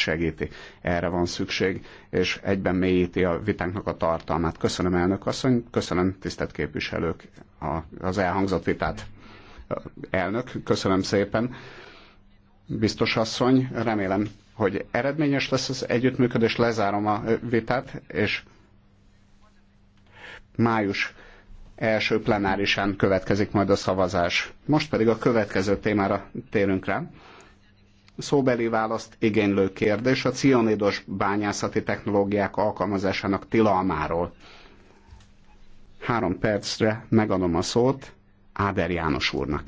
segíti. Erre van szükség, és egyben mélyíti a vitánknak a tartalmát. Köszönöm, elnök asszony, köszönöm, tisztelt képviselők, az elhangzott vitát. Elnök, köszönöm szépen. Biztos asszony, remélem, hogy eredményes lesz az együttműködés, lezárom a vitát, és május első plenárisán következik majd a szavazás. Most pedig a következő témára térünk rá szóbeli választ igénylő kérdés a cianidos bányászati technológiák alkalmazásának tilalmáról. Három percre megadom a szót Áder János úrnak.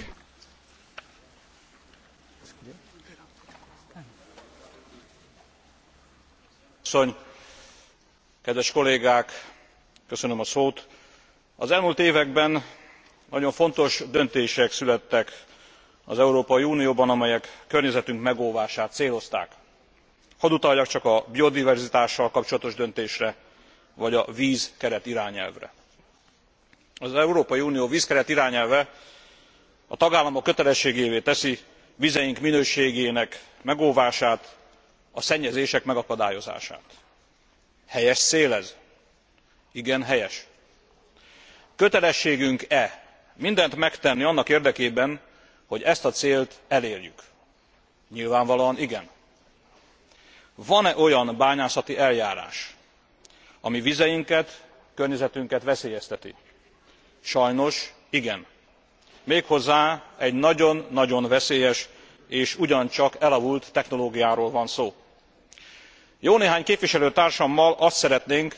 asszony kedves kollégák köszönöm a szót az elmúlt években nagyon fontos döntések születtek az európai unióban amelyek környezetünk megóvását célozták. hadd utaljak csak a biodiverzitással kapcsolatos döntésre vagy a vzkeret irányelvre. az európai unió vzkeret irányelve a tagállamok kötelességévé teszi vizeink minőségének megóvását a szennyezések megakadályozását. helyes cél ez? igen helyes. kötelességünk e mindent megtenni annak érdekében hogy ezt a célt elérjük? nyilvánvalóan igen. van e olyan bányászati eljárás ami vizeinket környezetünket veszélyezteti? sajnos igen méghozzá egy nagyon nagyon veszélyes és ugyancsak elavult technológiáról van szó. Jó néhány képviselőtársammal azt szeretnénk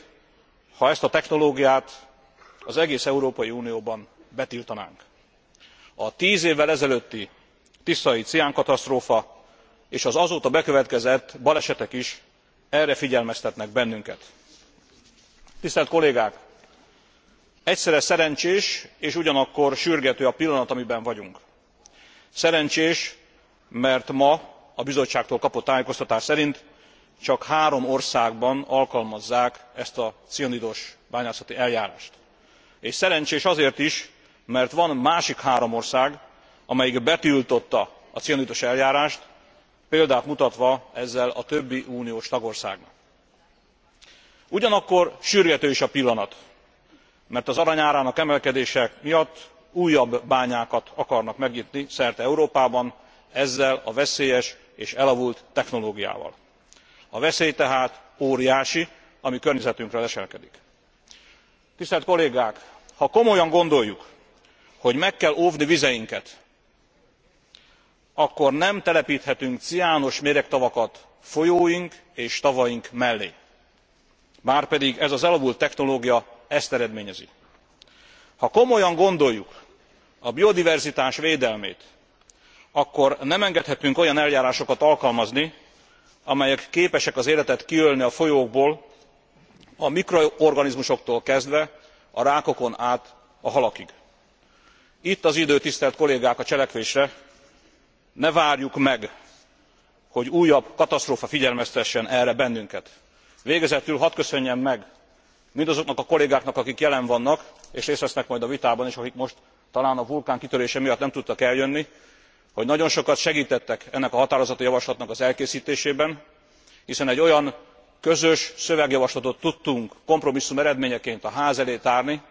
ha ezt a technológiát az egész európai unióban betiltanánk a tz évvel ezelőtti tiszai ciánkatasztrófa és az azóta bekövetkezett balesetek is erre figyelmeztetnek bennünket. tisztelt kollégák! egyszerre szerencsés és ugyanakkor sürgető a pillanat amiben vagyunk. szerencsés mert ma a bizottságtól kapott tájékoztatás szerint csak három országban alkalmazzák ezt a cianidos bányászati eljárást és szerencsés azért is mert van másik három ország amelyik betiltotta a cianidos eljárást példát mutatva ezzel a többi uniós tagországnak. ugyanakkor sürgető is a pillanat mert az arany árának emelkedése miatt újabb bányákat akarnak megnyitni szerte európában ezzel a veszélyes és elavult technológiával. a veszély tehát óriási ami környezetünkre leselkedik. tisztelt kollégák ha komolyan gondoljuk hogy meg kell óvni vizeinket akkor nem telepthetünk ciános méregtavakat folyóink és tavaink mellé márpedig ez az elavult technológia ezt eredményezi. ha komolyan gondoljuk a biodiverzitás védelmét akkor nem engedhetünk olyan eljárásokat alkalmazni amelyek képesek az életet kiölni a folyókból a mikroorganizmusoktól kezdve a rákokon át a halakig itt az idő tisztelt kollégák a cselekvésre ne várjuk meg hogy újabb katasztrófa figyelmeztessen erre bennünket. végezetül hadd köszönjem meg mindazoknak a kollégáknak akik jelen vannak és részt vesznek majd a vitában és akik most talán a vulkán kitörése miatt nem tudtak eljönni hogy nagyon sokat segtettek ennek a határozati javaslatnak az elkésztésében hiszen egy olyan közös szövegjavaslatot tudtunk kompromisszum eredményeként a ház elé tárni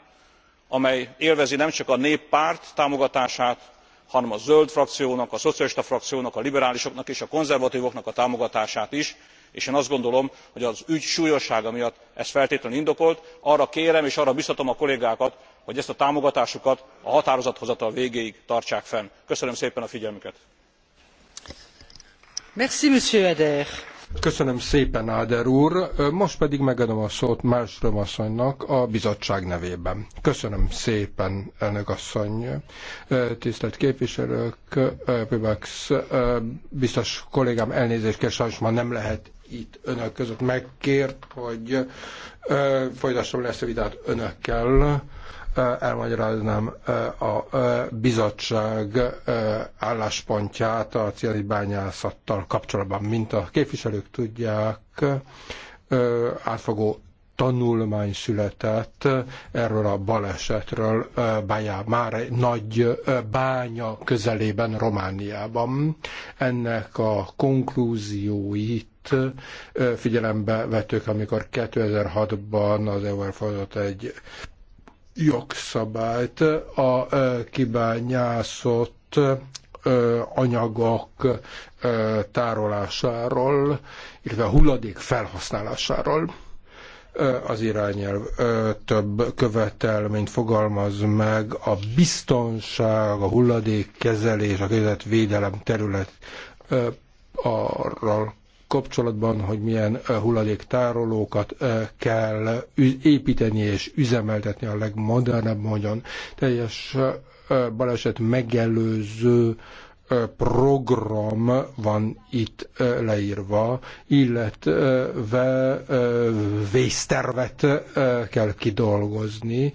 amely élvezi nemcsak a néppárt támogatását hanem a zöld frakciónak a szocialista frakciónak a liberálisoknak és a konzervatvoknak a támogatását is és én azt gondolom hogy az ügy súlyossága miatt ez feltétlenül indokolt. arra kérem és arra biztatom a kollégákat hogy ezt a támogatásukat a határozathozatal végéig tartsák fenn. köszönöm szépen a figyelmüket. Köszönöm szépen, Áder úr. Most pedig megadom a szót Másröm asszonynak a bizottság nevében. Köszönöm szépen, elnök asszony. Tisztelt képviselők, Pibax, biztos kollégám elnézést kell, sajnos már nem lehet itt önök között megkért, hogy folytassam le ezt a vitát önökkel elmagyaráznám a bizottság álláspontját a cianidbányászattal kapcsolatban. Mint a képviselők tudják, átfogó tanulmány született erről a balesetről bányá, már egy nagy bánya közelében, Romániában. Ennek a konklúzióit figyelembe vettük, amikor 2006-ban az EU elfogadott egy jogszabályt a kibányászott anyagok tárolásáról, illetve a hulladék felhasználásáról az irányelv több követelményt fogalmaz meg a biztonság, a hulladék kezelés, a védelem terület arról kapcsolatban, hogy milyen eh, hulladéktárolókat eh, kell építeni és üzemeltetni a legmodernebb módon. Teljes eh, baleset megelőző program van itt leírva, illetve vésztervet kell kidolgozni,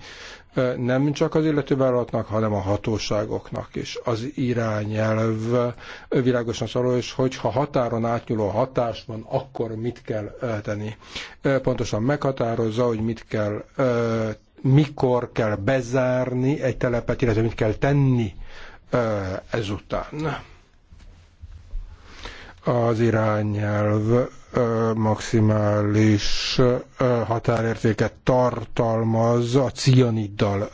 nem csak az illetővállalatnak, hanem a hatóságoknak is. Az irányelv világosan szóló, és hogyha határon átnyúló hatás van, akkor mit kell tenni. Pontosan meghatározza, hogy mit kell, mikor kell bezárni egy telepet, illetve mit kell tenni ezután az irányelv maximális határértéket tartalmaz a cianiddal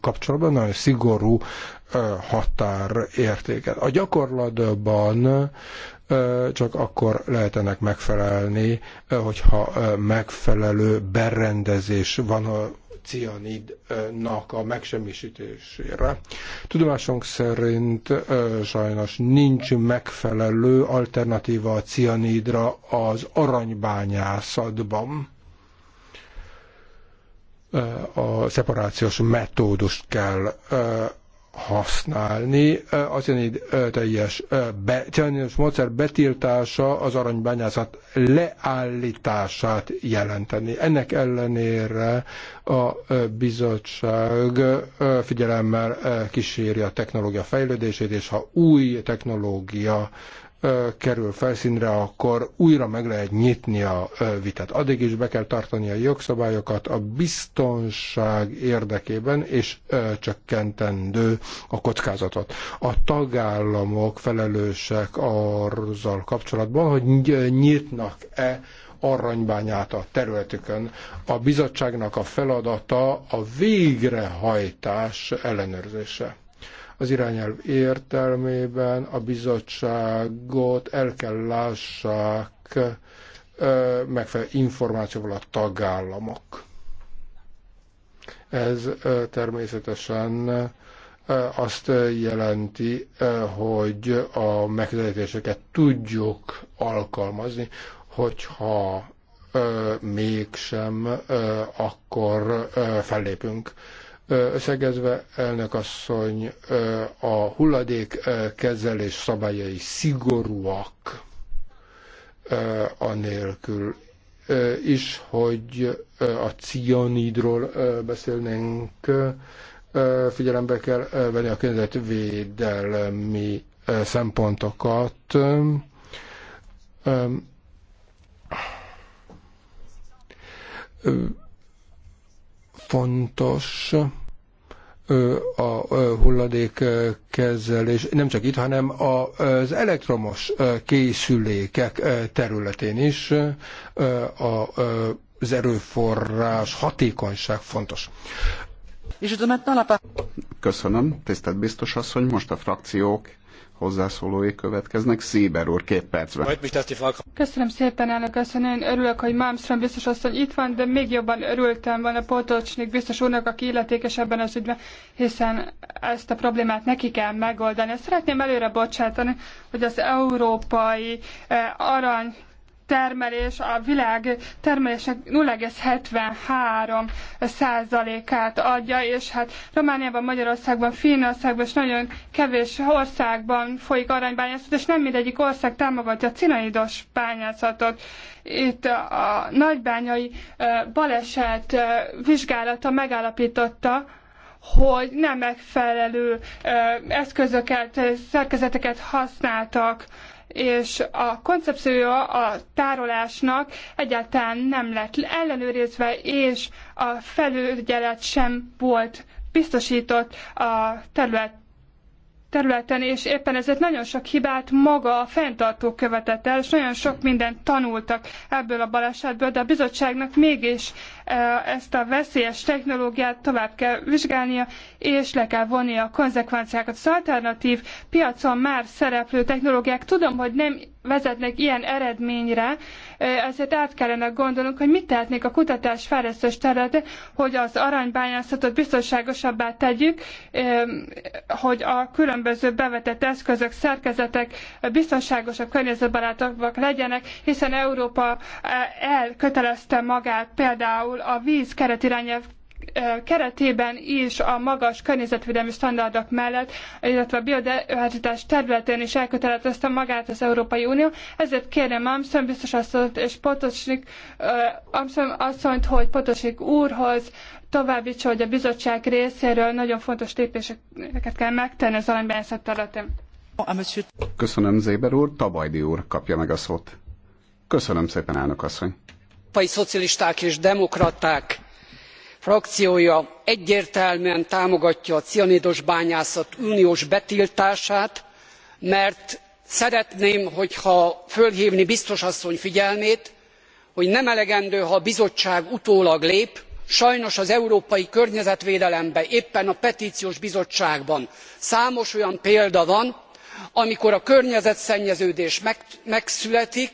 kapcsolatban, nagyon szigorú határértéket. A gyakorlatban csak akkor ennek megfelelni, hogyha megfelelő berendezés van cianidnak a megsemmisítésére. Tudomásunk szerint sajnos nincs megfelelő alternatíva a cianidra az aranybányászatban a szeparációs metódust kell használni. Az ilyen teljes be, módszer betiltása az aranybányászat leállítását jelenteni. Ennek ellenére a bizottság figyelemmel kíséri a technológia fejlődését, és ha új technológia kerül felszínre, akkor újra meg lehet nyitni a vitát. Addig is be kell tartani a jogszabályokat a biztonság érdekében, és csökkentendő a kockázatot. A tagállamok felelősek azzal kapcsolatban, hogy nyitnak-e aranybányát a területükön. A bizottságnak a feladata a végrehajtás ellenőrzése az irányelv értelmében a bizottságot el kell lássák megfelelő információval a tagállamok. Ez természetesen azt jelenti, hogy a megközelítéseket tudjuk alkalmazni, hogyha mégsem, akkor fellépünk. Összegezve, elnök asszony, a hulladék kezelés szabályai szigorúak anélkül is, hogy a cianidról beszélnénk, figyelembe kell venni a környezetvédelmi szempontokat. Fontos, a hulladék kezelés nem csak itt, hanem az elektromos készülékek területén is az erőforrás hatékonyság fontos. Köszönöm, tisztelt biztos asszony, most a frakciók hozzászólói következnek. Széber úr, két percben. Köszönöm szépen, elnök asszony. Én örülök, hogy Malmström biztos asszony itt van, de még jobban örültem volna Potocsnik biztos úrnak, aki illetékes ebben az ügyben, hiszen ezt a problémát neki kell megoldani. Ezt szeretném előre bocsátani, hogy az európai eh, arany termelés a világ termelésnek 0,73 százalékát adja, és hát Romániában, Magyarországban, Finnországban és nagyon kevés országban folyik aranybányászat, és nem mindegyik ország támogatja a cinaidos bányászatot. Itt a nagybányai baleset vizsgálata megállapította, hogy nem megfelelő eszközöket, szerkezeteket használtak és a koncepciója a tárolásnak egyáltalán nem lett ellenőrizve, és a felügyelet sem volt biztosított a terület területen, és éppen ezért nagyon sok hibát maga a fenntartó követett el, és nagyon sok mindent tanultak ebből a balesetből, de a bizottságnak mégis e, ezt a veszélyes technológiát tovább kell vizsgálnia, és le kell vonnia a konzekvenciákat. Az szóval alternatív piacon már szereplő technológiák tudom, hogy nem vezetnek ilyen eredményre, ezért át kellene gondolnunk, hogy mit tehetnék a kutatás fejlesztős területe, hogy az aranybányászatot biztonságosabbá tegyük, hogy a különböző bevetett eszközök, szerkezetek biztonságosabb környezetbarátabbak legyenek, hiszen Európa elkötelezte magát például a víz keretirányelv keretében is a magas környezetvédelmi standardok mellett, illetve a biodiverzitás területén is elkötelezte magát az Európai Unió. Ezért kérem Amszon biztos asszonyt és Potosnik Amszon asszonyt, hogy Potosnik úrhoz továbbítsa, hogy a bizottság részéről nagyon fontos lépéseket kell megtenni az aranybányászat területén. Köszönöm, Zéber úr. Tabajdi úr kapja meg a szót. Köszönöm szépen, elnök asszony. Szocialisták és demokraták frakciója egyértelműen támogatja a cianidos bányászat uniós betiltását mert szeretném fölhvni biztos asszony figyelmét hogy nem elegendő ha a bizottság utólag lép sajnos az európai környezetvédelemben éppen a petciós bizottságban számos olyan példa van amikor a környezetszennyeződés megszületik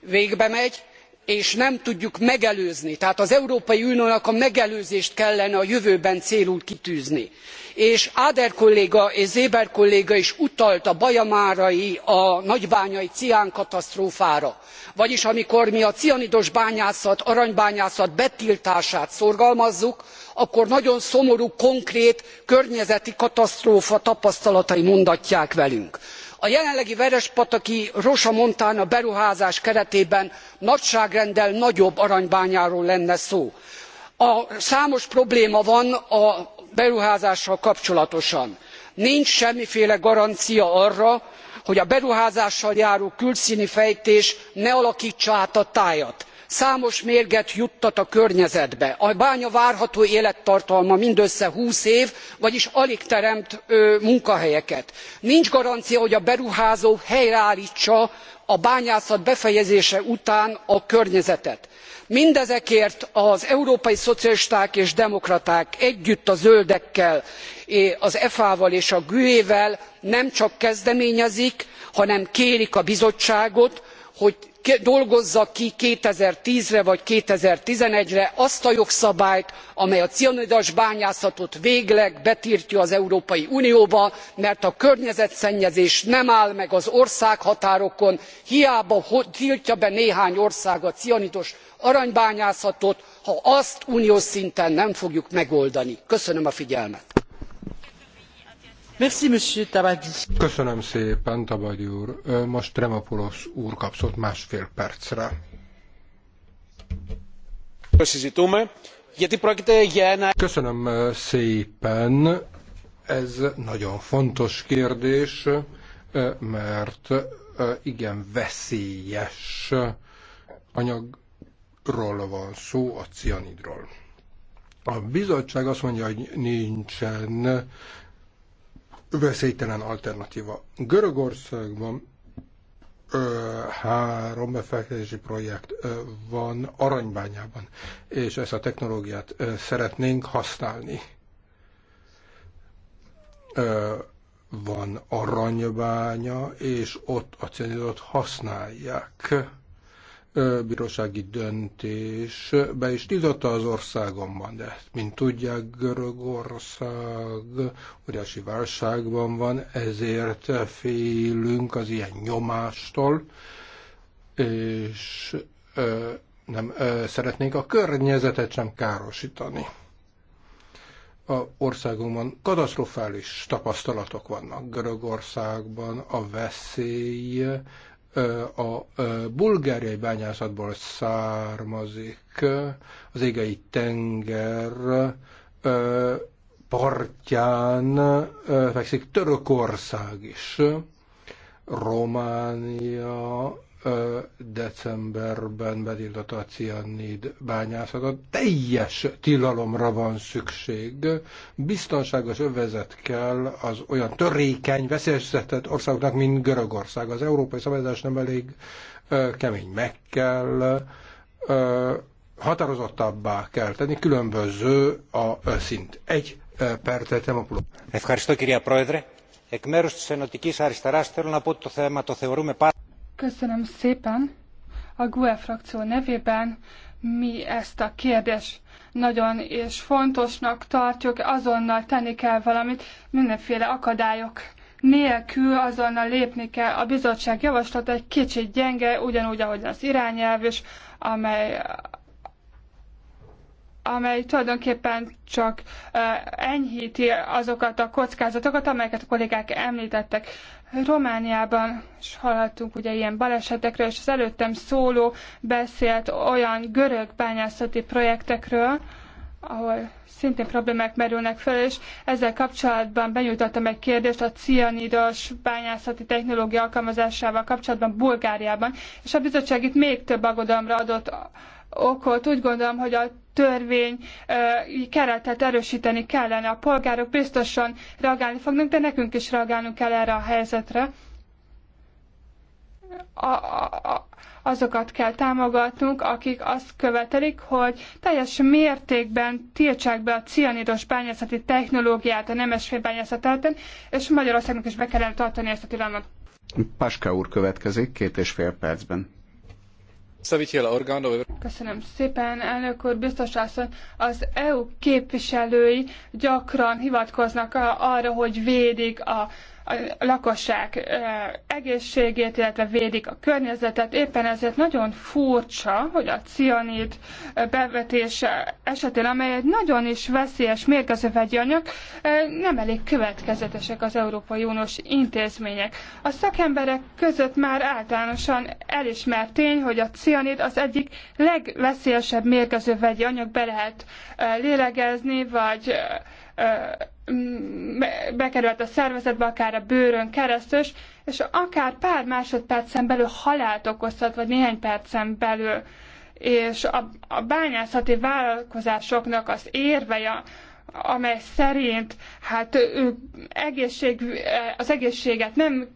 végbemegy és nem tudjuk megelőzni tehát az európai uniónak a megelőzést kellene a jövőben célul kitűzni és ader kolléga és seeber kolléga is utalt a bajamárai a nagybányai ciánkatasztrófára vagyis amikor mi a cianidos bányászat aranybányászat betiltását szorgalmazzuk akkor nagyon szomorú konkrét környezeti katasztrófa tapasztalatai mondatják velünk a jelenlegi verespataki rosa montana beruházás keretében nagyságrenddel nagyobb aranybányáról lenne szó. számos probléma van a beruházással kapcsolatosan. nincs semmiféle garancia arra hogy a beruházással járó külszni fejtés ne alaktsa át a tájat számos mérget juttat a környezetbe a bánya várható élettartama mindössze twenty év vagyis alig teremt munkahelyeket. nincs garancia hogy a beruházó helyreálltsa a bányászat befejezése után a környezetet. mindezekért az európai szocialisták és demokraták együtt a zöldekkel az fa val és a gue vel nemcsak kezdeményezik hanem kérik a bizottságot hogy dolgozza ki two thousand and ten re vagy two thousand and eleven re azt a jogszabályt amely a cianidos bányászatot végleg betiltja az európai unióba mert a környezetszennyezés nem áll meg az országhatárokon hiába tiltja be néhány ország a cianidos aranybányászatot ha azt uniós szinten nem fogjuk megoldani. köszönöm a figyelmet. Merci, monsieur Tabadi. Köszönöm szépen, Tabadi úr. Most Tremopoulos úr kapszott másfél percre. Köszönöm szépen. Ez nagyon fontos kérdés, mert igen veszélyes anyagról van szó, a cianidról. A bizottság azt mondja, hogy nincsen veszélytelen alternatíva. Görögországban ö, három befektetési projekt ö, van Aranybányában, és ezt a technológiát ö, szeretnénk használni. Ö, van aranybánya, és ott a cenizot használják bírósági döntés be is tiltotta az országomban, de mint tudják, Görögország óriási válságban van, ezért félünk az ilyen nyomástól, és nem szeretnénk a környezetet sem károsítani. A országunkban katasztrofális tapasztalatok vannak. Görögországban a veszély a bulgáriai bányászatból származik, az égei tenger partján fekszik Törökország is. Románia decemberben betiltotta a cianid bányászatot. Teljes tilalomra van szükség. Biztonságos övezet kell az olyan törékeny, veszélyeztetett országoknak, mint Görögország. Az európai szabályozás nem elég ö, kemény. Meg kell ö, határozottabbá kell tenni, különböző a ö, szint. Egy ö, percet, Temopuló. Ευχαριστώ κυρία Πρόεδρε. Εκ μέρους της Ενωτικής Αριστεράς θέλω να πω ότι το θέμα το θεωρούμε πάρα Köszönöm szépen. A GUE frakció nevében mi ezt a kérdést nagyon és fontosnak tartjuk, azonnal tenni kell valamit, mindenféle akadályok nélkül azonnal lépni kell. A bizottság javaslat egy kicsit gyenge, ugyanúgy, ahogy az irányelv is, amely amely tulajdonképpen csak enyhíti azokat a kockázatokat, amelyeket a kollégák említettek. Romániában is hallhattunk ugye ilyen balesetekről, és az előttem szóló beszélt olyan görög bányászati projektekről, ahol szintén problémák merülnek fel, és ezzel kapcsolatban benyújtottam egy kérdést a cianidos bányászati technológia alkalmazásával kapcsolatban Bulgáriában, és a bizottság itt még több aggodalomra adott okot. Úgy gondolom, hogy a törvény keretet erősíteni kellene. A polgárok biztosan reagálni fognak, de nekünk is reagálnunk kell erre a helyzetre. A, a, azokat kell támogatnunk, akik azt követelik, hogy teljes mértékben tiltsák be a cianidos bányászati technológiát a nemesfél bányászatában, és Magyarországnak is be kellene tartani ezt a tilalmat. Paska úr következik két és fél percben. Köszönöm szépen, elnök úr, biztos asszony. Az EU képviselői gyakran hivatkoznak arra, hogy védik a a lakosság egészségét, illetve védik a környezetet. Éppen ezért nagyon furcsa, hogy a cianid bevetése esetén, amely egy nagyon is veszélyes mérgező vegyi anyag, nem elég következetesek az Európai Uniós intézmények. A szakemberek között már általánosan elismert tény, hogy a cianid az egyik legveszélyesebb mérgező vegyi anyag, be lehet lélegezni, vagy bekerült a szervezetbe, akár a bőrön keresztül, és akár pár másodpercen belül halált okozhat, vagy néhány percen belül. És a, a bányászati vállalkozásoknak az érveje, amely szerint hát egészség, az egészséget nem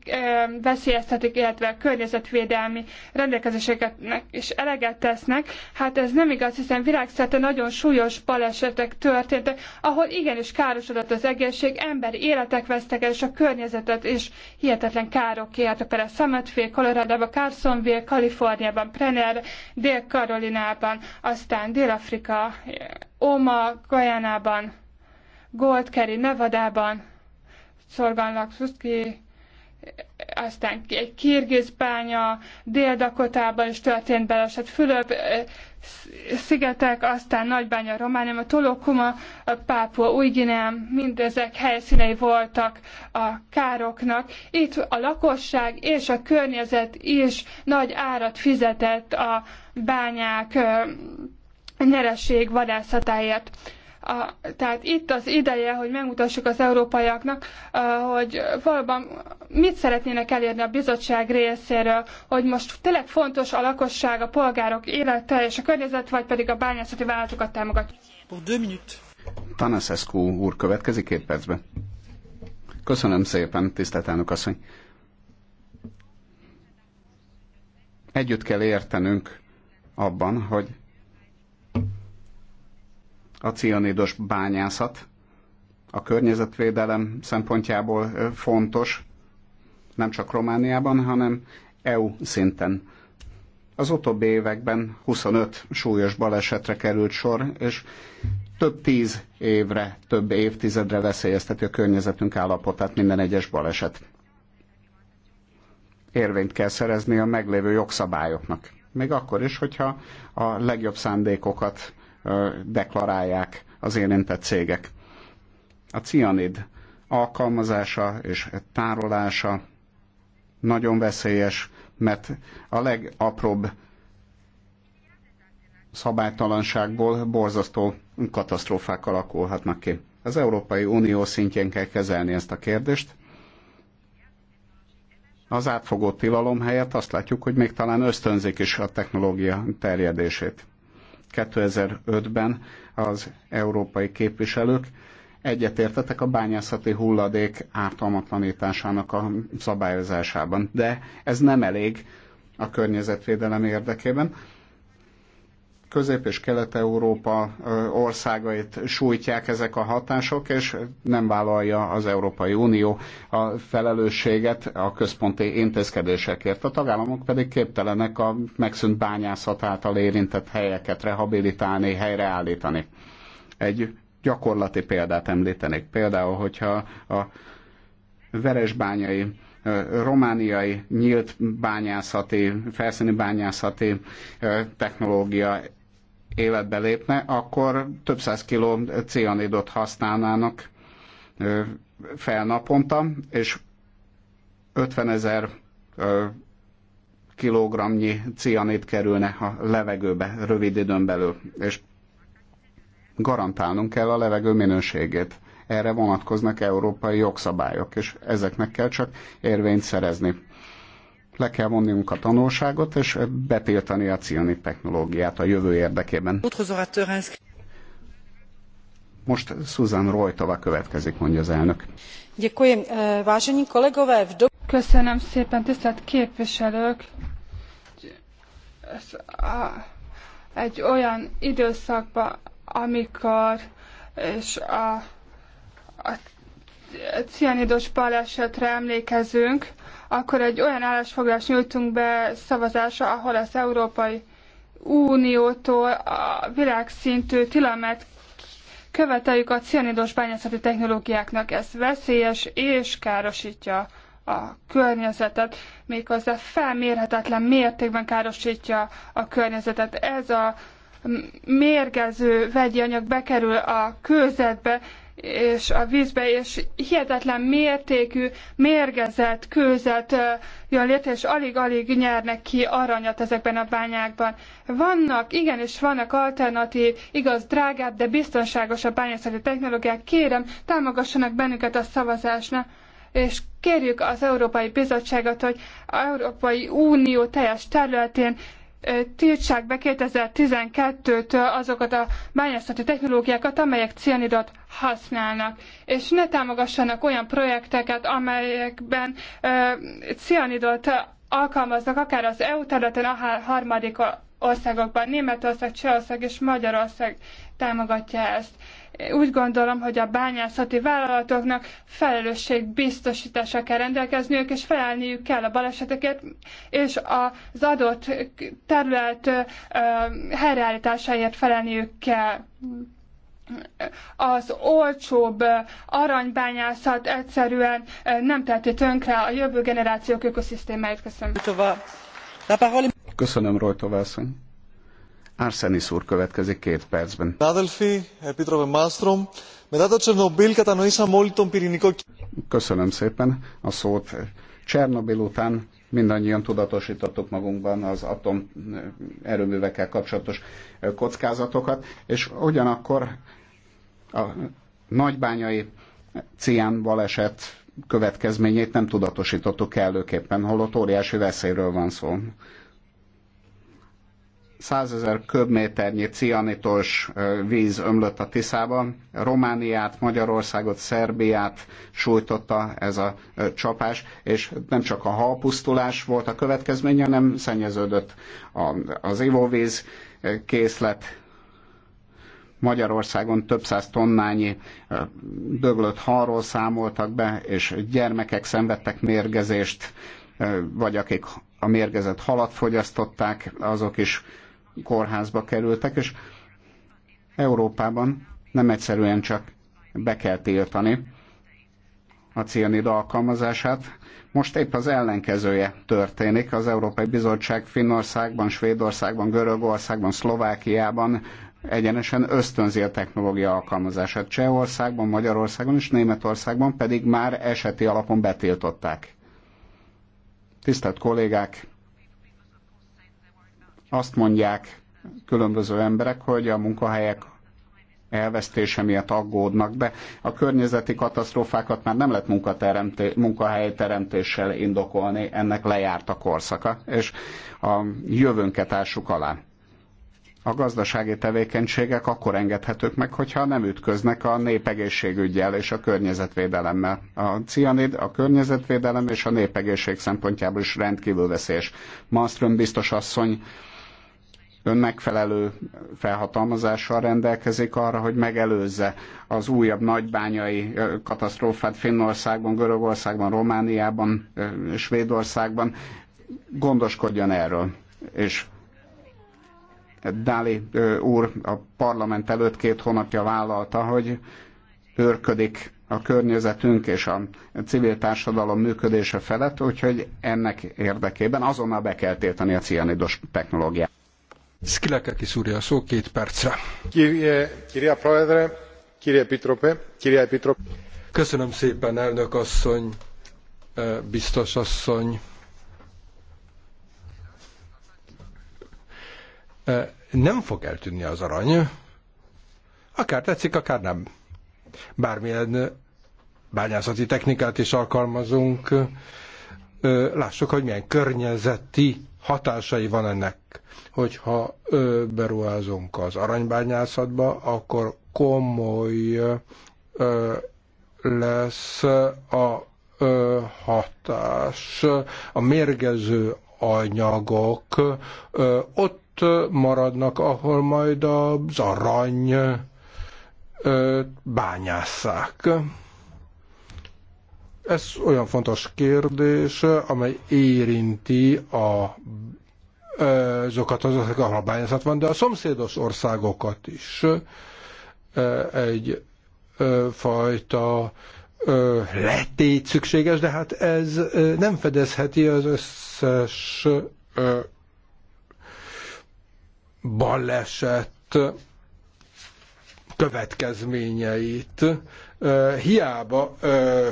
veszélyeztetik, illetve a környezetvédelmi rendelkezéseknek is eleget tesznek. Hát ez nem igaz, hiszen világszerte nagyon súlyos balesetek történtek, ahol igenis károsodott az egészség, emberi életek vesztek el, és a környezetet is hihetetlen károk értek. Például Summitville, Coloradoban, Carsonville, Kaliforniában, Prenner, Dél-Karolinában, aztán Dél-Afrika, Oma, Guyanában, Gold Kerry Nevadában, Szorganlak Lakszuszki, aztán egy Kirgizbánya, Dél-Dakotában is történt beleset, Fülöp szigetek, aztán Nagybánya, Románia, Tolokuma, Pápua, új mindezek helyszínei voltak a károknak. Itt a lakosság és a környezet is nagy árat fizetett a bányák nyereség vadászatáért. A, tehát itt az ideje, hogy megmutassuk az európaiaknak, hogy valóban mit szeretnének elérni a bizottság részéről, hogy most tényleg fontos a lakosság, a polgárok élete és a környezet, vagy pedig a bányászati vállalatokat támogatjuk. Tanaszeszkó úr következik két percben. Köszönöm szépen, tisztelt elnök asszony. Együtt kell értenünk abban, hogy a cianidos bányászat a környezetvédelem szempontjából fontos, nem csak Romániában, hanem EU szinten. Az utóbbi években 25 súlyos balesetre került sor, és több tíz évre, több évtizedre veszélyezteti a környezetünk állapotát minden egyes baleset. Érvényt kell szerezni a meglévő jogszabályoknak. Még akkor is, hogyha a legjobb szándékokat deklarálják az érintett cégek. A cianid alkalmazása és tárolása nagyon veszélyes, mert a legapróbb szabálytalanságból borzasztó katasztrófák alakulhatnak ki. Az Európai Unió szintjén kell kezelni ezt a kérdést. Az átfogó tilalom helyett azt látjuk, hogy még talán ösztönzik is a technológia terjedését. 2005-ben az európai képviselők egyetértetek a bányászati hulladék ártalmatlanításának a szabályozásában. De ez nem elég a környezetvédelem érdekében. Közép- és Kelet-Európa országait sújtják ezek a hatások, és nem vállalja az Európai Unió a felelősséget a központi intézkedésekért. A tagállamok pedig képtelenek a megszűnt bányászat által érintett helyeket rehabilitálni, helyreállítani. Egy gyakorlati példát említenék. Például, hogyha a veresbányai romániai nyílt bányászati, felszíni bányászati technológia életbe lépne, akkor több száz kiló cianidot használnának fel naponta, és 50 ezer kilogramnyi cianid kerülne a levegőbe rövid időn belül, és garantálnunk kell a levegő minőségét. Erre vonatkoznak európai jogszabályok, és ezeknek kell csak érvényt szerezni le kell vonnunk a tanulságot, és betiltani a ciani technológiát a jövő érdekében. Most Susan Rojtova következik, mondja az elnök. Eh, Köszönöm szépen, tisztelt képviselők! egy olyan időszakban, amikor és a, a cianidos balesetre emlékezünk, akkor egy olyan állásfoglalást nyújtunk be szavazásra, ahol az Európai Uniótól a világszintű tilalmát követeljük a cianidos bányászati technológiáknak. Ez veszélyes és károsítja a környezetet, méghozzá felmérhetetlen mértékben károsítja a környezetet. Ez a mérgező vegyi anyag bekerül a kőzetbe, és a vízbe, és hihetetlen mértékű, mérgezett, kőzet jön létre, és alig-alig nyernek ki aranyat ezekben a bányákban. Vannak, igenis vannak alternatív, igaz, drágább, de biztonságosabb bányászati technológiák. Kérem, támogassanak bennünket a szavazásnál és kérjük az Európai Bizottságot, hogy az Európai Unió teljes területén tiltsák be 2012-től azokat a bányászati technológiákat, amelyek cianidot használnak, és ne támogassanak olyan projekteket, amelyekben cianidot alkalmaznak akár az EU területen, akár harmadik országokban, Németország, Csehország és Magyarország támogatja ezt. Úgy gondolom, hogy a bányászati vállalatoknak felelősség biztosítása kell rendelkezniük, és felelniük kell a baleseteket, és az adott terület helyreállításáért felelniük kell az olcsóbb aranybányászat egyszerűen nem teheti tönkre a jövő generációk ökoszisztémáit. Köszönöm. Köszönöm, Rojtovászony. Arsenis úr következik két percben. Adelfi, Epitrope Mastrom, Μετά το Τσερνομπίλ κατανοήσαμε όλοι τον πυρηνικό... Köszönöm szépen a szót. Csernobil után mindannyian tudatosítottuk magunkban az atom eh, erőművekkel kapcsolatos eh, kockázatokat, és ugyanakkor a nagybányai cián baleset következményét nem tudatosítottuk előképpen, holott óriási veszélyről van szó százezer köbméternyi cianitos víz ömlött a Tiszába. Romániát, Magyarországot, Szerbiát sújtotta ez a csapás, és nem csak a halpusztulás volt a következménye, hanem szennyeződött az ivóvíz készlet. Magyarországon több száz tonnányi döglött halról számoltak be, és gyermekek szenvedtek mérgezést, vagy akik a mérgezett halat fogyasztották, azok is kórházba kerültek, és Európában nem egyszerűen csak be kell tiltani a cianid alkalmazását. Most épp az ellenkezője történik. Az Európai Bizottság Finnországban, Svédországban, Görögországban, Szlovákiában egyenesen ösztönzi a technológia alkalmazását. Csehországban, Magyarországon és Németországban pedig már eseti alapon betiltották. Tisztelt kollégák, azt mondják különböző emberek, hogy a munkahelyek elvesztése miatt aggódnak, de a környezeti katasztrófákat már nem lehet munkahelyteremtéssel indokolni, ennek lejárt a korszaka, és a jövőnket ássuk alá. A gazdasági tevékenységek akkor engedhetők meg, hogyha nem ütköznek a népegészségügyel és a környezetvédelemmel. A cianid, a környezetvédelem és a népegészség szempontjából is rendkívül veszélyes. Malmström biztos asszony ön megfelelő felhatalmazással rendelkezik arra, hogy megelőzze az újabb nagybányai katasztrófát Finnországban, Görögországban, Romániában, Svédországban. Gondoskodjon erről. És Dáli úr a parlament előtt két hónapja vállalta, hogy őrködik a környezetünk és a civil társadalom működése felett, úgyhogy ennek érdekében azonnal be kell tiltani a cianidos technológiát. Skilakakis úr, a szó két percre. Köszönöm szépen, elnök asszony, eh, biztos asszony. Eh, nem fog eltűnni az arany, akár tetszik, akár nem. Bármilyen eh, bányászati technikát is alkalmazunk, lássuk, hogy milyen környezeti hatásai van ennek. Hogyha ö, beruházunk az aranybányászatba, akkor komoly ö, lesz a ö, hatás. A mérgező anyagok ö, ott maradnak, ahol majd az arany ö, bányásszák. Ez olyan fontos kérdés, amely érinti a azokat az a bányászat van, de a szomszédos országokat is egy fajta letét szükséges, de hát ez nem fedezheti az összes baleset következményeit hiába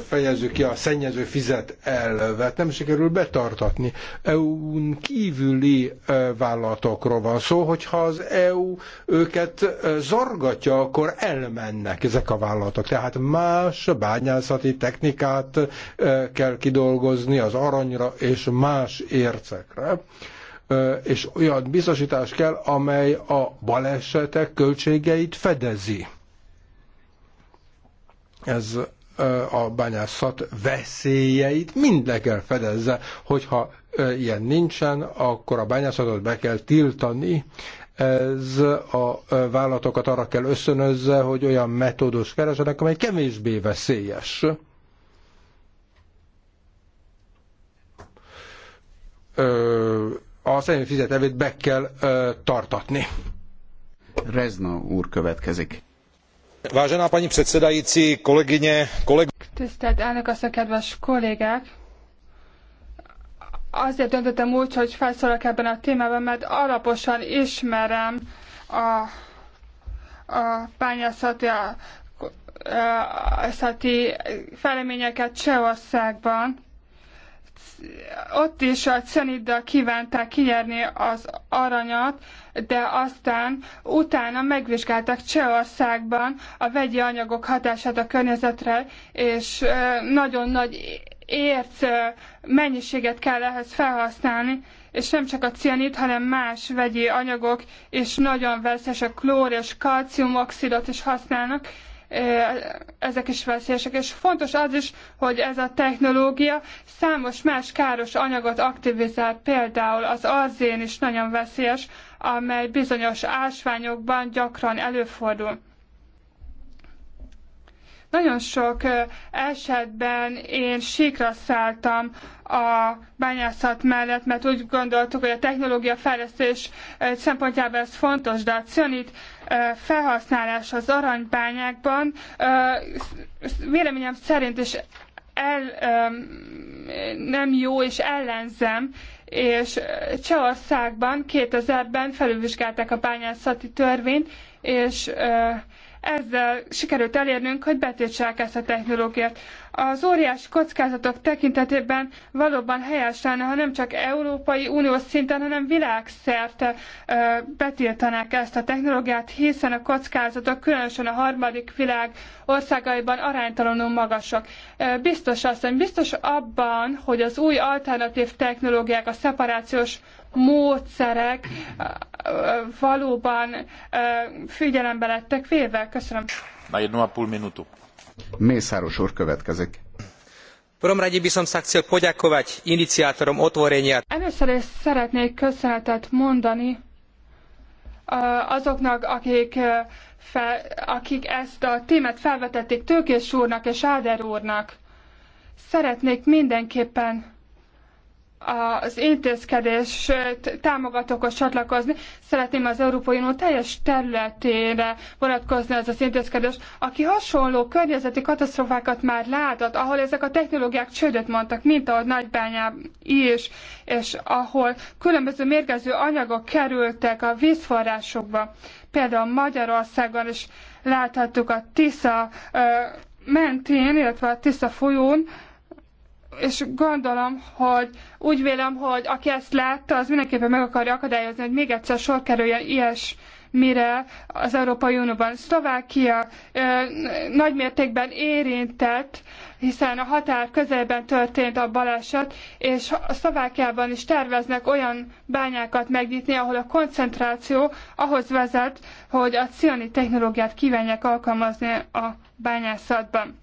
fejezzük ki a szennyező fizet elvet, nem sikerül betartatni. EU-n kívüli vállalatokról van szó, hogyha az EU őket zargatja, akkor elmennek ezek a vállalatok. Tehát más bányászati technikát kell kidolgozni az aranyra és más ércekre és olyan biztosítás kell, amely a balesetek költségeit fedezi ez a bányászat veszélyeit mind le kell fedezze, hogyha ilyen nincsen, akkor a bányászatot be kell tiltani, ez a vállalatokat arra kell összönözze, hogy olyan metódus keresenek, amely kevésbé veszélyes. a személy be kell tartatni. Rezna úr következik. Vážená paní předsedající, kolegyně, koleg... Tisztelt elnök asszony, kedves kollégák! Azért döntöttem úgy, hogy felszólalok ebben a témában, mert alaposan ismerem a, a bányászati, a, a, a, a fejleményeket Csehországban, ott is a ceniddal kívánták kinyerni az aranyat, de aztán utána megvizsgálták Csehországban a vegyi anyagok hatását a környezetre, és nagyon nagy ért mennyiséget kell ehhez felhasználni, és nem csak a cianid, hanem más vegyi anyagok, és nagyon veszélyes a klór és kalciumoxidot is használnak, ezek is veszélyesek, és fontos az is, hogy ez a technológia számos más káros anyagot aktivizál, például az arzén is nagyon veszélyes, amely bizonyos ásványokban gyakran előfordul. Nagyon sok esetben én síkra szálltam a bányászat mellett, mert úgy gondoltuk, hogy a technológia fejlesztés szempontjából ez fontos, de a cianit felhasználás az aranybányákban véleményem szerint is el, nem jó, és ellenzem, és Csehországban 2000-ben felülvizsgálták a bányászati törvényt, és ezzel sikerült elérnünk, hogy betiltsák ezt a technológiát az óriási kockázatok tekintetében valóban helyes lenne, ha nem csak Európai Unió szinten, hanem világszerte betiltanák ezt a technológiát, hiszen a kockázatok különösen a harmadik világ országaiban aránytalanul magasak. Biztos asszony, biztos abban, hogy az új alternatív technológiák, a szeparációs módszerek valóban figyelembe lettek véve. Köszönöm. Na, egy minutu. Mészáros úr következik. Prvom rade by som sa chcel poďakovať iniciátorom otvorenia. Először is szeretnék köszönetet mondani azoknak, akik, fel, akik ezt a témát felvetették Tőkés úrnak és Áder úrnak. Szeretnék mindenképpen az intézkedés támogatókhoz csatlakozni. Szeretném az Európai Unió teljes területére vonatkozni ez az intézkedés. Aki hasonló környezeti katasztrofákat már látott, ahol ezek a technológiák csődöt mondtak, mint ahogy Nagybányában is, és ahol különböző mérgező anyagok kerültek a vízforrásokba. Például Magyarországon is láthattuk a Tisza mentén, illetve a Tisza folyón, és gondolom, hogy úgy vélem, hogy aki ezt látta, az mindenképpen meg akarja akadályozni, hogy még egyszer sor kerüljön ilyes mire az Európai Unióban Szlovákia nagymértékben érintett, hiszen a határ közelben történt a baleset, és a Szlovákiában is terveznek olyan bányákat megnyitni, ahol a koncentráció ahhoz vezet, hogy a cioni technológiát kívánják alkalmazni a bányászatban.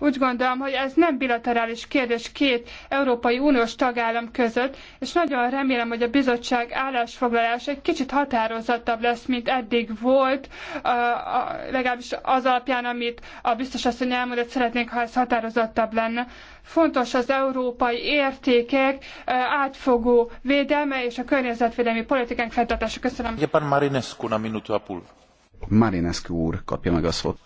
Úgy gondolom, hogy ez nem bilaterális kérdés két Európai Uniós tagállam között, és nagyon remélem, hogy a bizottság állásfoglalása egy kicsit határozottabb lesz, mint eddig volt, a, a, legalábbis az alapján, amit a biztos asszony elmondott, szeretnénk, ha ez határozottabb lenne. Fontos az európai értékek átfogó védelme és a környezetvédelmi politikánk fenntartása. Köszönöm. Marinescu úr kapja meg a szót.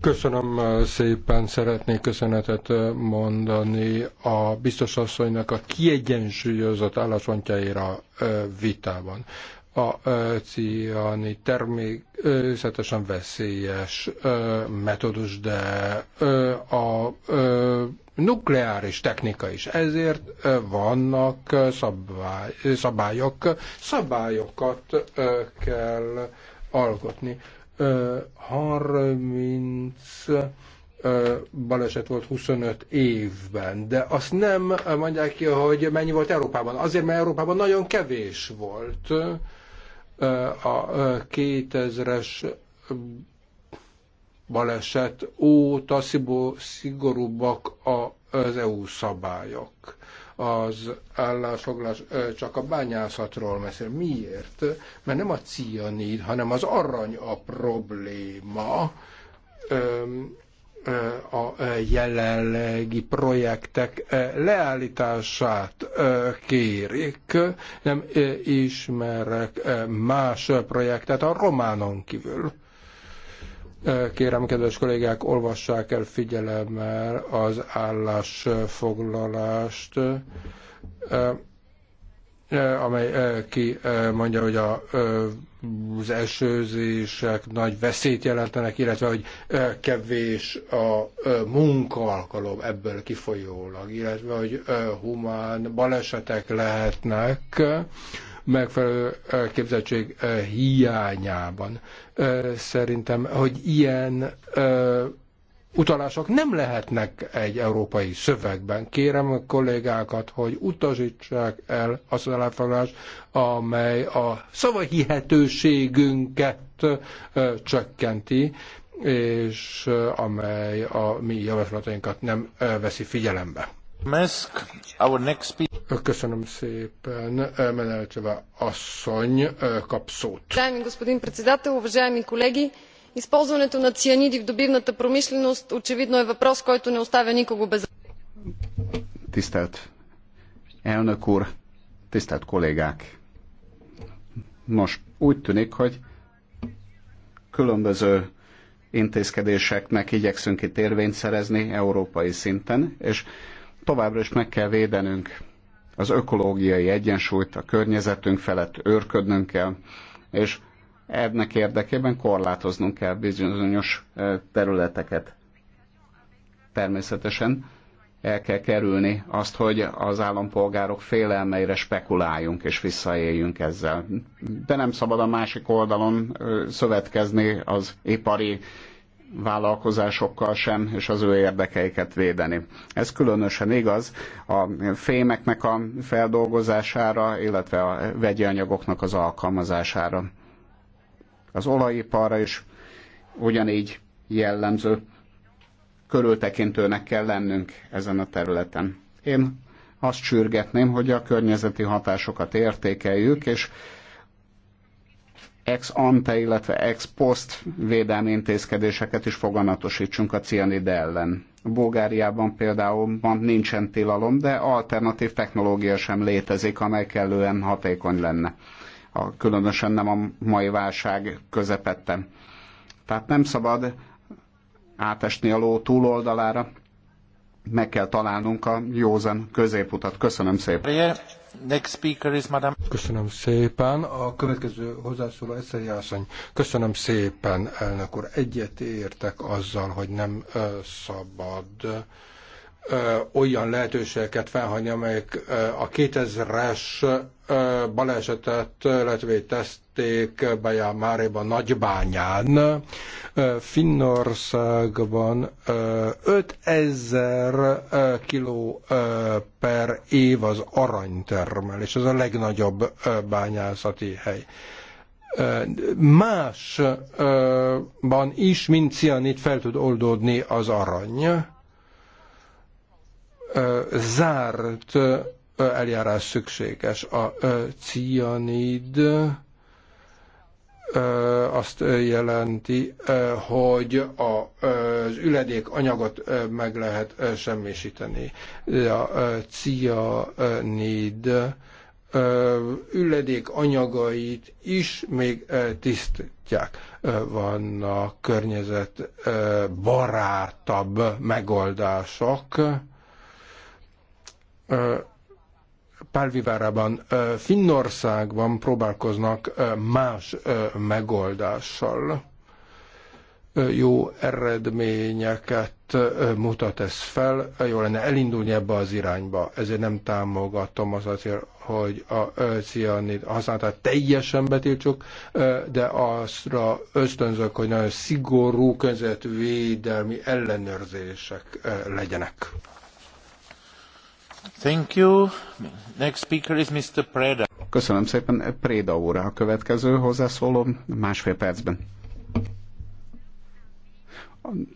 Köszönöm uh, szépen, szeretnék köszönetet uh, mondani a biztos asszonynak a kiegyensúlyozott álláspontjaira uh, vitában. A ciani természetesen veszélyes metódus, de a nukleáris technika is. Ezért vannak szabály, szabályok, szabályokat kell alkotni. 30 baleset volt 25 évben, de azt nem mondják ki, hogy mennyi volt Európában. Azért, mert Európában nagyon kevés volt a 2000-es baleset óta szigorúbbak az EU szabályok az állásfoglás csak a bányászatról beszél. Miért? Mert nem a cianid, hanem az arany a probléma a jelenlegi projektek leállítását kérik. Nem ismerek más projektet a románon kívül Kérem, kedves kollégák, olvassák el figyelemmel az állásfoglalást, eh, eh, amely eh, ki mondja, hogy a, az esőzések nagy veszélyt jelentenek, illetve hogy kevés a munkaalkalom ebből kifolyólag, illetve hogy humán balesetek lehetnek megfelelő képzettség hiányában. Szerintem, hogy ilyen utalások nem lehetnek egy európai szövegben. Kérem a kollégákat, hogy utasítsák el azt az elfoglalást, amely a szavahihetőségünket csökkenti, és amely a mi javaslatainkat nem veszi figyelembe. Köszönöm szépen, Menelcseva asszony kap szót. Уважаеми господин председател, уважаеми колеги, използването на цианиди в добивната промишленост очевидно е въпрос, който не оставя никого без... Tisztelt elnök úr, tisztelt kollégák! Nos, úgy tűnik, hogy különböző intézkedéseknek igyekszünk itt érvényt szerezni európai szinten, és továbbra is meg kell védenünk az ökológiai egyensúlyt, a környezetünk felett őrködnünk kell, és ennek érdekében korlátoznunk kell bizonyos eh, területeket. Természetesen el kell kerülni azt, hogy az állampolgárok félelmeire spekuláljunk és visszaéljünk ezzel. De nem szabad a másik oldalon eh, szövetkezni az ipari vállalkozásokkal sem, és az ő érdekeiket védeni. Ez különösen igaz a fémeknek a feldolgozására, illetve a vegyi anyagoknak az alkalmazására. Az olajiparra is ugyanígy jellemző körültekintőnek kell lennünk ezen a területen. Én azt sürgetném, hogy a környezeti hatásokat értékeljük, és ex ante, illetve ex post védelmi intézkedéseket is foganatosítsunk a cianide ellen. Bulgáriában például van nincsen tilalom, de alternatív technológia sem létezik, amely kellően hatékony lenne. A, különösen nem a mai válság közepette. Tehát nem szabad átesni a ló túloldalára, meg kell találnunk a józan középutat. Köszönöm szépen. Next speaker is Madame. Köszönöm szépen. A következő hozzászóló Eszeri Asszony. Köszönöm szépen, elnök úr. Egyet értek azzal, hogy nem szabad olyan lehetőségeket felhagyni, amelyek a 2000-es balesetet lehetővé teszték Bajá Máréban, Nagybányán. Finnországban 5000 kiló per év az aranytermel, és ez a legnagyobb bányászati hely másban is, mint cianit fel tud oldódni az arany zárt eljárás szükséges. A cianid azt jelenti, hogy az üledék anyagot meg lehet semmisíteni. A cianid üledék anyagait is még tisztítják. Vannak környezetbarátabb megoldások, Pálvivárában, Finnországban próbálkoznak más megoldással. Jó eredményeket mutat ez fel, jó lenne elindulni ebbe az irányba. Ezért nem támogatom az azért, hogy a cianid használatát teljesen betiltsuk, de azra ösztönzök, hogy nagyon szigorú környezetvédelmi ellenőrzések legyenek. Thank you. Next speaker is Mr. Preda. Köszönöm szépen. Préda úr a következő hozzászóló másfél percben.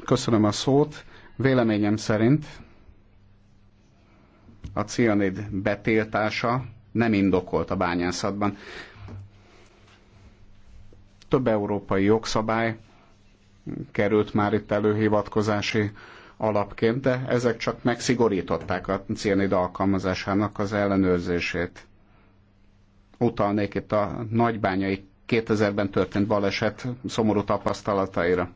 Köszönöm a szót. Véleményem szerint a cianid betiltása nem indokolt a bányászatban. Több európai jogszabály került már itt előhivatkozási alapként, de ezek csak megszigorították a cianid alkalmazásának az ellenőrzését. Utalnék itt a nagybányai 2000-ben történt baleset szomorú tapasztalataira.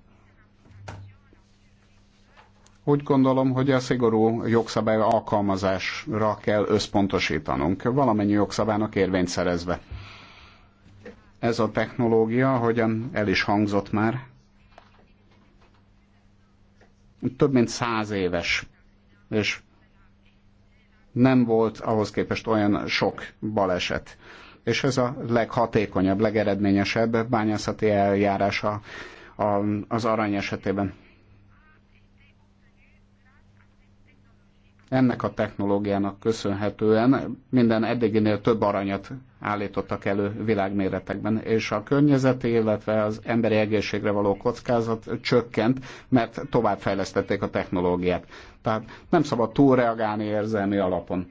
Úgy gondolom, hogy a szigorú jogszabály alkalmazásra kell összpontosítanunk, valamennyi jogszabának érvényt szerezve. Ez a technológia, ahogyan el is hangzott már, több mint száz éves, és nem volt ahhoz képest olyan sok baleset. És ez a leghatékonyabb, legeredményesebb bányászati eljárása az arany esetében. Ennek a technológiának köszönhetően minden eddiginél több aranyat állítottak elő világméretekben, és a környezeti, illetve az emberi egészségre való kockázat csökkent, mert továbbfejlesztették a technológiát. Tehát nem szabad túlreagálni érzelmi alapon.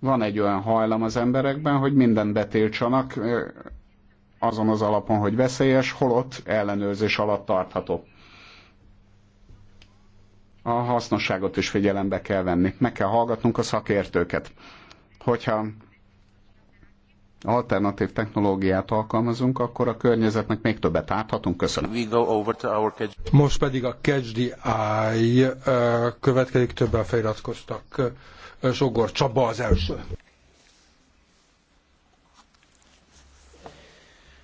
Van egy olyan hajlam az emberekben, hogy minden betiltsanak eh, azon az alapon, hogy veszélyes, holott ellenőrzés alatt tartható a hasznosságot is figyelembe kell venni. Meg kell hallgatnunk a szakértőket. Hogyha alternatív technológiát alkalmazunk, akkor a környezetnek még többet árthatunk. Köszönöm. Most pedig a KGDI következik, többen feliratkoztak. Sogor Csaba az első.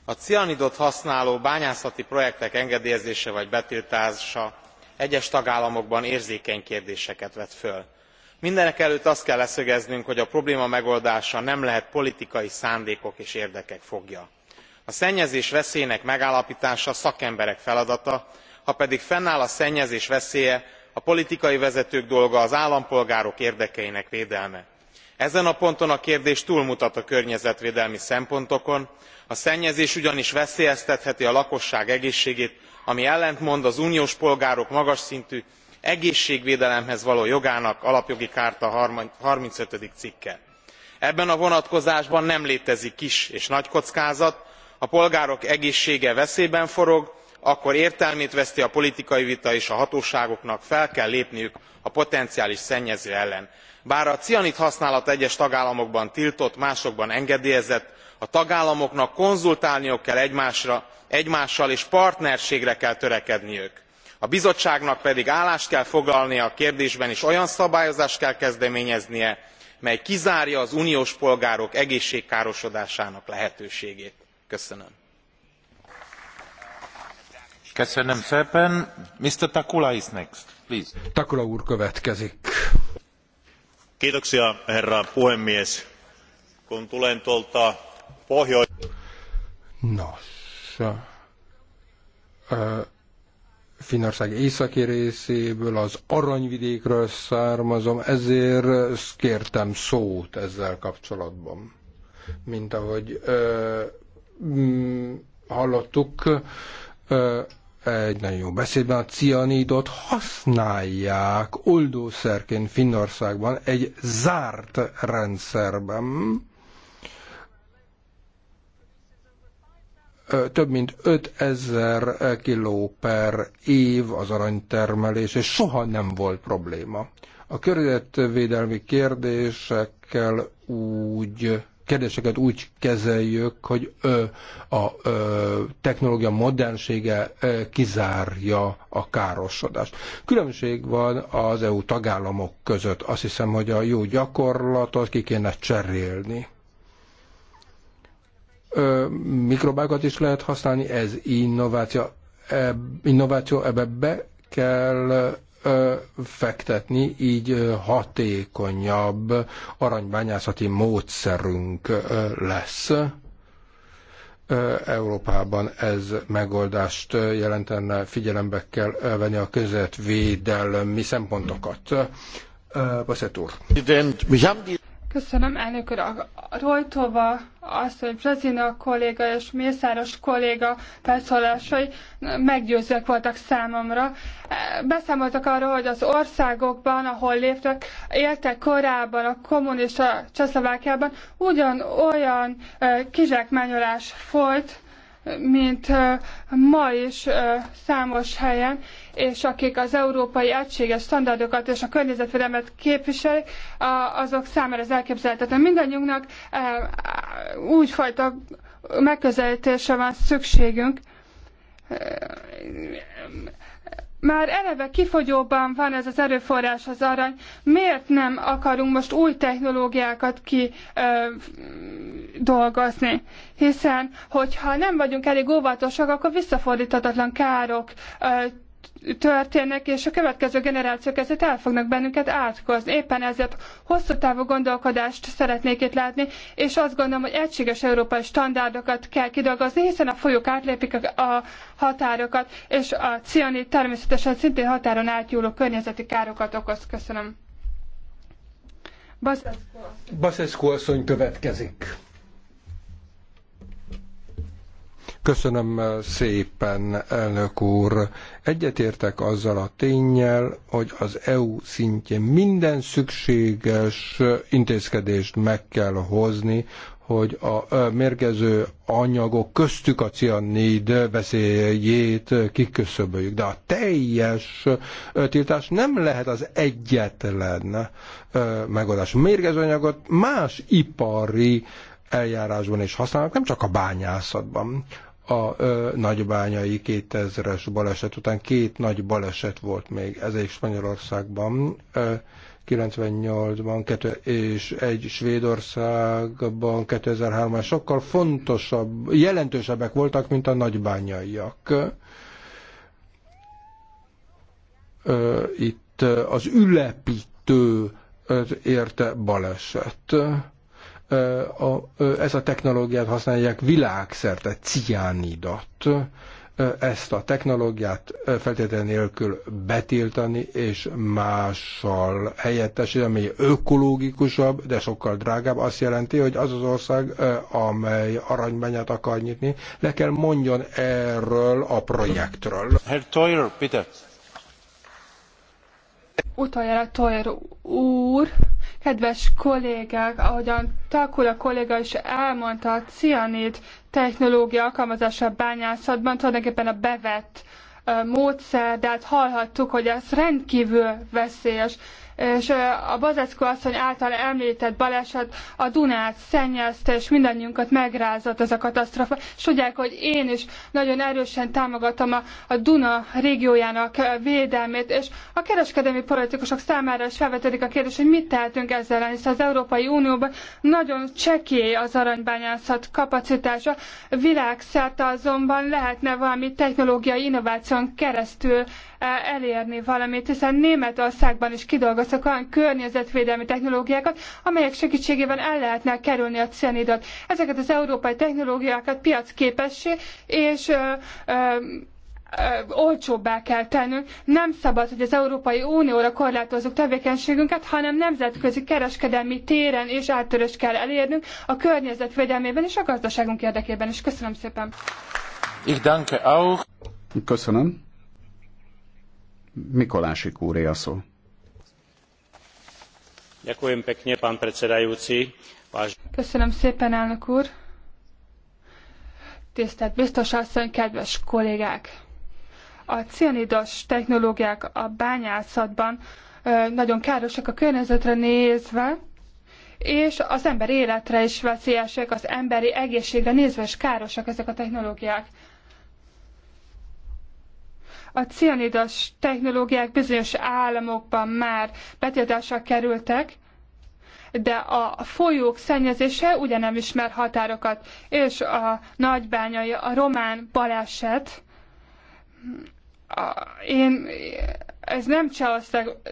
A cianidot használó bányászati projektek engedélyezése vagy betiltása egyes tagállamokban érzékeny kérdéseket vet föl. mindenekelőtt azt kell leszögeznünk hogy a probléma megoldása nem lehet politikai szándékok és érdekek foglya. a szennyezés veszélyének megállaptása szakemberek feladata ha pedig fennáll a szennyezés veszélye a politikai vezetők dolga az állampolgárok érdekeinek védelme. ezen a ponton a kérdés túlmutat a környezetvédelmi szempontokon a szennyezés ugyanis veszélyeztetheti a lakosság egészségét ami ellentmond az uniós polgárok magas szintű egészségvédelemhez való jogának alapjogi charta. thirty five cikke ebben a vonatkozásban nem létezik kis és nagy kockázat a polgárok egészsége veszélyben forog akkor értelmét veszti a politikai vita és a hatóságoknak fel kell lépniük a potenciális szennyező ellen. bár a cianid használata egyes tagállamokban tiltott másokban engedélyezett a tagállamoknak konzultálniuk kell egymással és partnerségre kell törekedniük a bizottságnak pedig állást kell foglalnia a kérdésben és olyan szabályozást kell kezdeményeznie mely kizárja az uniós polgárok egészségkárosodásának lehetőségét. köszönöm. szépen. Mr. Takula Takula úr következik. Kun tulen tuolta pohjois... Nos, Finország északi részéből, az aranyvidékről származom, ezért kértem szót ezzel kapcsolatban. Mint ahogy ö, mm, hallottuk, ö, egy nagyon jó beszédben a cianidot használják oldószerként Finnországban egy zárt rendszerben több mint 5000 kiló per év az aranytermelés, és soha nem volt probléma. A környezetvédelmi kérdésekkel úgy kérdéseket úgy kezeljük, hogy ö, a ö, technológia modernsége ö, kizárja a károsodást. Különbség van az EU tagállamok között. Azt hiszem, hogy a jó gyakorlatot ki kéne cserélni mikrobákat is lehet használni, ez innováció, e, innováció ebbe be kell fektetni, így hatékonyabb aranybányászati módszerünk lesz. Európában ez megoldást jelentene, figyelembe kell venni a közvetvédelmi szempontokat. Baszett úr. Köszönöm, elnök úr. A Rojtova, azt, hogy Brazina kolléga és Mészáros kolléga felszólásai meggyőzőek voltak számomra. Beszámoltak arról, hogy az országokban, ahol léptek, éltek korábban a kommunista Csehszlovákiában, ugyanolyan kizsákmányolás folyt, mint ma is számos helyen, és akik az európai egységes standardokat és a környezetvédelmet képviselik, azok számára ez elképzelhetetlen. Mindannyiunknak úgyfajta megközelítésre van szükségünk, már eleve kifogyóban van ez az erőforrás, az arany, miért nem akarunk most új technológiákat ki ö, dolgozni? Hiszen, hogyha nem vagyunk elég óvatosak, akkor visszafordíthatatlan károk ö, történnek, és a következő generációk ezért el fognak bennünket átkozni. Éppen ezért hosszú távú gondolkodást szeretnék itt látni, és azt gondolom, hogy egységes európai standardokat kell kidolgozni, hiszen a folyók átlépik a határokat, és a cianid természetesen szintén határon átnyúló környezeti károkat okoz. Köszönöm. Baszeszko asszony következik. Köszönöm szépen, elnök úr. Egyetértek azzal a tényel, hogy az EU szintjén minden szükséges intézkedést meg kell hozni, hogy a mérgező anyagok köztük a cianid veszélyét kiköszöböljük. De a teljes tiltás nem lehet az egyetlen megoldás. A mérgező anyagot más ipari eljárásban is használnak, nem csak a bányászatban a ö, nagybányai 2000-es baleset után két nagy baleset volt még, ez egy Spanyolországban, 98-ban, és egy Svédországban 2003-ban sokkal fontosabb, jelentősebbek voltak, mint a nagybányaiak. Itt az ülepítő érte baleset a, ez a technológiát használják világszerte, ciánidat. Ezt a technológiát feltétlen nélkül betiltani, és mással helyettesíteni, ami ökológikusabb, de sokkal drágább, azt jelenti, hogy az az ország, amely aranybányát akar nyitni, le kell mondjon erről a projektről. Herr Toyer, Peter. Utoljára Toyer úr, Kedves kollégák, ahogyan Takula kolléga is elmondta, a cianid technológia alkalmazása a bányászatban tulajdonképpen a bevett módszer, de hát hallhattuk, hogy ez rendkívül veszélyes és a Bazeckó asszony által említett baleset a Dunát szennyezte, és mindannyiunkat megrázott ez a katasztrofa. És tudják, hogy én is nagyon erősen támogatom a, a Duna régiójának védelmét, és a kereskedelmi politikusok számára is felvetődik a kérdés, hogy mit tehetünk ezzel ellen, hiszen az Európai Unióban nagyon csekély az aranybányászat kapacitása, világszerte azonban lehetne valami technológiai innováción keresztül elérni valamit, hiszen Németországban is kidolgozott alkalmaznak olyan környezetvédelmi technológiákat, amelyek segítségével el lehetne kerülni a cianidot. Ezeket az európai technológiákat piacképessé és ö, ö, olcsóbbá kell tennünk. Nem szabad, hogy az Európai Unióra korlátozzuk tevékenységünket, hanem nemzetközi kereskedelmi téren és áttörést kell elérnünk a környezet védelmében és a gazdaságunk érdekében is. Köszönöm szépen! Ich danke auch. Köszönöm. Mikolásik úré a szó. Köszönöm szépen, elnök úr! Tisztelt biztos asszony, kedves kollégák! A cianidos technológiák a bányászatban nagyon károsak a környezetre nézve, és az ember életre is veszélyesek, az emberi egészségre nézve is károsak ezek a technológiák a cianidos technológiák bizonyos államokban már betiltásra kerültek, de a folyók szennyezése ugye nem ismer határokat, és a nagybányai, a román baleset, a, én, ez nem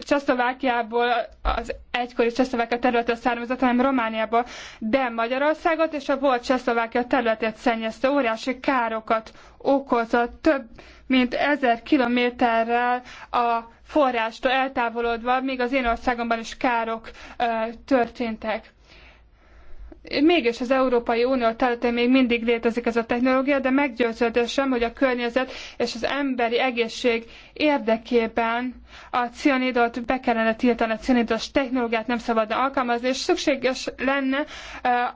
Csehszlovákiából, az egykori Csehszlovákia területre származott, hanem Romániából, de Magyarországot és a volt Csehszlovákia területét szennyezte, óriási károkat okozott, több mint ezer kilométerrel a forrástól eltávolodva, még az én országomban is károk történtek. Mégis az Európai Unió területén még mindig létezik ez a technológia, de meggyőződésem, hogy a környezet és az emberi egészség érdekében a cianidot be kellene tiltani, a cianidos technológiát nem szabadna alkalmazni, és szükséges lenne uh,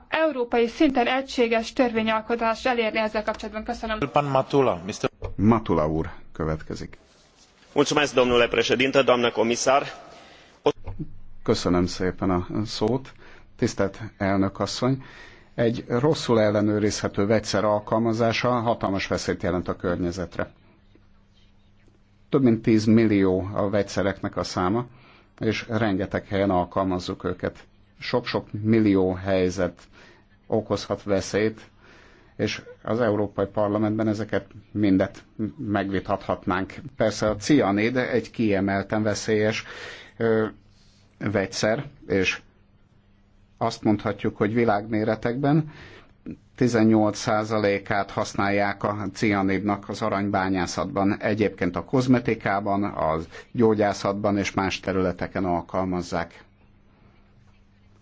európai szinten egységes törvényalkotást elérni ezzel kapcsolatban. Köszönöm. Pan Matula, Mr. Matula úr következik. Köszönöm szépen a szót Tisztelt elnök asszony, egy rosszul ellenőrizhető vegyszer alkalmazása hatalmas veszélyt jelent a környezetre. Több mint 10 millió a vegyszereknek a száma, és rengeteg helyen alkalmazzuk őket. Sok-sok millió helyzet okozhat veszélyt, és az Európai Parlamentben ezeket mindet megvitathatnánk. Persze a cianid egy kiemelten veszélyes ö, vegyszer, és azt mondhatjuk, hogy világméretekben 18%-át használják a cianidnak az aranybányászatban. Egyébként a kozmetikában, a gyógyászatban és más területeken alkalmazzák.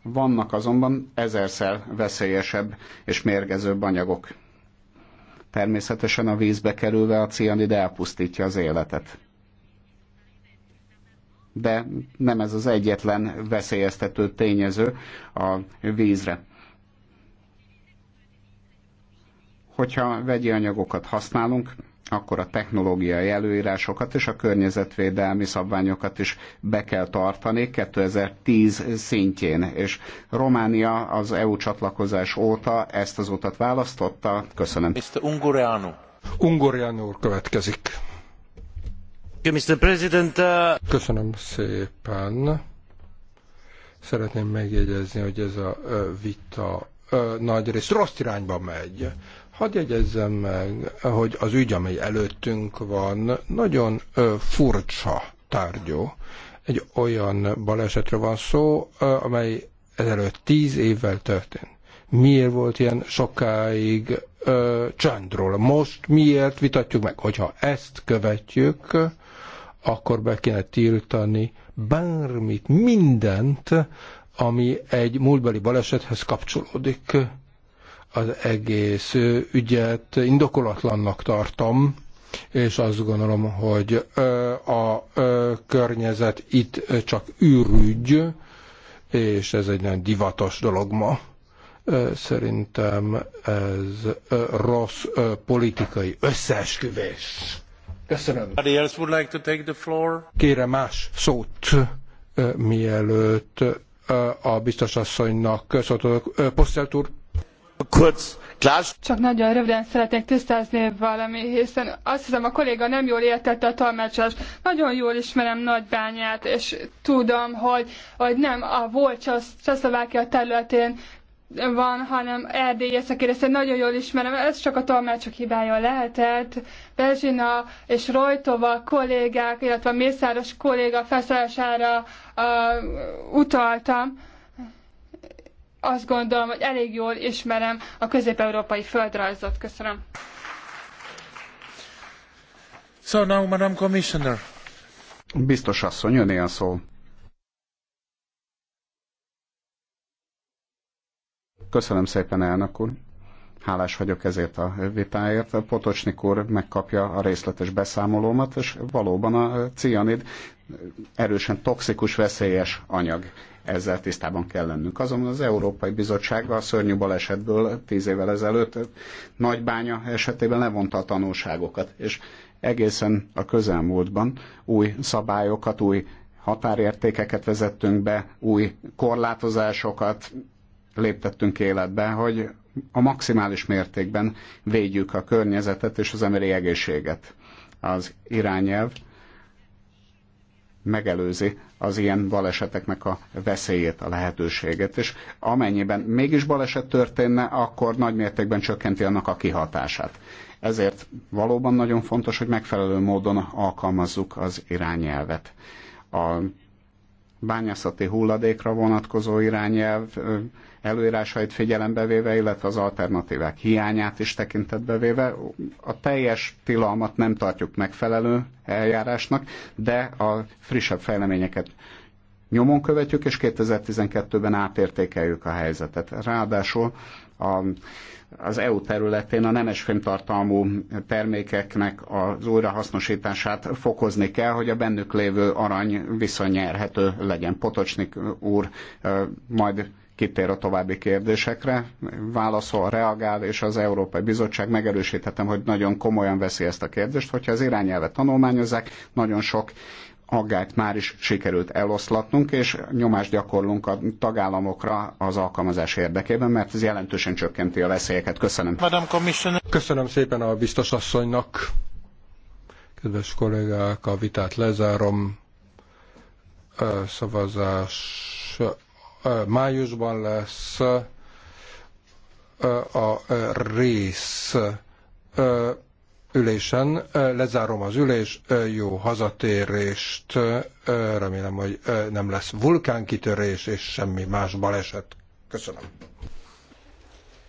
Vannak azonban ezerszer veszélyesebb és mérgezőbb anyagok. Természetesen a vízbe kerülve a cianid elpusztítja az életet de nem ez az egyetlen veszélyeztető tényező a vízre. Hogyha vegyi anyagokat használunk, akkor a technológiai előírásokat és a környezetvédelmi szabványokat is be kell tartani 2010 szintjén. És Románia az EU csatlakozás óta ezt az utat választotta. Köszönöm. Mr. Ungureanu. Ungureanu úr következik. Uh, Köszönöm szépen. Szeretném megjegyezni, hogy ez a vita nagy rész rossz irányba megy. Hadd jegyezzem meg, hogy az ügy, amely előttünk van, nagyon furcsa tárgyó. Egy olyan balesetről van szó, amely ezelőtt tíz évvel történt. Miért volt ilyen sokáig ö, Most miért vitatjuk meg? Hogyha ezt követjük, akkor be kéne tiltani bármit, mindent, ami egy múltbeli balesethez kapcsolódik. Az egész ügyet indokolatlannak tartom, és azt gondolom, hogy a környezet itt csak űrügy, és ez egy nagyon divatos dolog ma. Szerintem ez rossz politikai összeesküvés. Köszönöm. Kérem más szót, mielőtt a biztos asszonynak szólt Posztelt úr. Csak nagyon röviden szeretnék tisztázni valami, hiszen azt hiszem a kolléga nem jól értette a tolmácsolást. Nagyon jól ismerem Nagybányát, és tudom, hogy, hogy nem a volt Csehszlovákia területén van, hanem Erdély északére, ezt nagyon jól ismerem, ez csak a tolmácsok hibája lehetett. Bezsina és Rojtova kollégák, illetve a Mészáros kolléga felszállására uh, utaltam. Azt gondolom, hogy elég jól ismerem a közép-európai földrajzot. Köszönöm. So now, Madam Commissioner. Biztos asszony, ön ilyen szól. Köszönöm szépen, elnök úr. Hálás vagyok ezért a vitáért. Potocsnik úr megkapja a részletes beszámolómat, és valóban a cianid erősen toxikus, veszélyes anyag. Ezzel tisztában kell lennünk. Azonban az Európai Bizottság a szörnyű balesetből tíz évvel ezelőtt nagybánya esetében levonta a tanulságokat, és egészen a közelmúltban új szabályokat, új határértékeket vezettünk be, új korlátozásokat, léptettünk életbe, hogy a maximális mértékben védjük a környezetet és az emberi egészséget. Az irányelv megelőzi az ilyen baleseteknek a veszélyét, a lehetőséget, és amennyiben mégis baleset történne, akkor nagy mértékben csökkenti annak a kihatását. Ezért valóban nagyon fontos, hogy megfelelő módon alkalmazzuk az irányelvet. A bányászati hulladékra vonatkozó irányelv előírásait figyelembe véve, illetve az alternatívák hiányát is tekintetbe véve. A teljes tilalmat nem tartjuk megfelelő eljárásnak, de a frissebb fejleményeket nyomon követjük, és 2012-ben átértékeljük a helyzetet. Ráadásul a, az EU területén a nemesfém tartalmú termékeknek az újrahasznosítását fokozni kell, hogy a bennük lévő arany visszanyerhető legyen. Potocsnik úr majd kitér a további kérdésekre, válaszol, reagál, és az Európai Bizottság megerősíthetem, hogy nagyon komolyan veszi ezt a kérdést, hogyha az irányelvet tanulmányozzák, nagyon sok aggályt már is sikerült eloszlatnunk, és nyomást gyakorlunk a tagállamokra az alkalmazás érdekében, mert ez jelentősen csökkenti a veszélyeket. Köszönöm. Köszönöm szépen a biztos asszonynak. Kedves kollégák, a vitát lezárom. Szavazás májusban lesz a rész ülésen. Lezárom az ülés, jó hazatérést, remélem, hogy nem lesz vulkánkitörés és semmi más baleset. Köszönöm.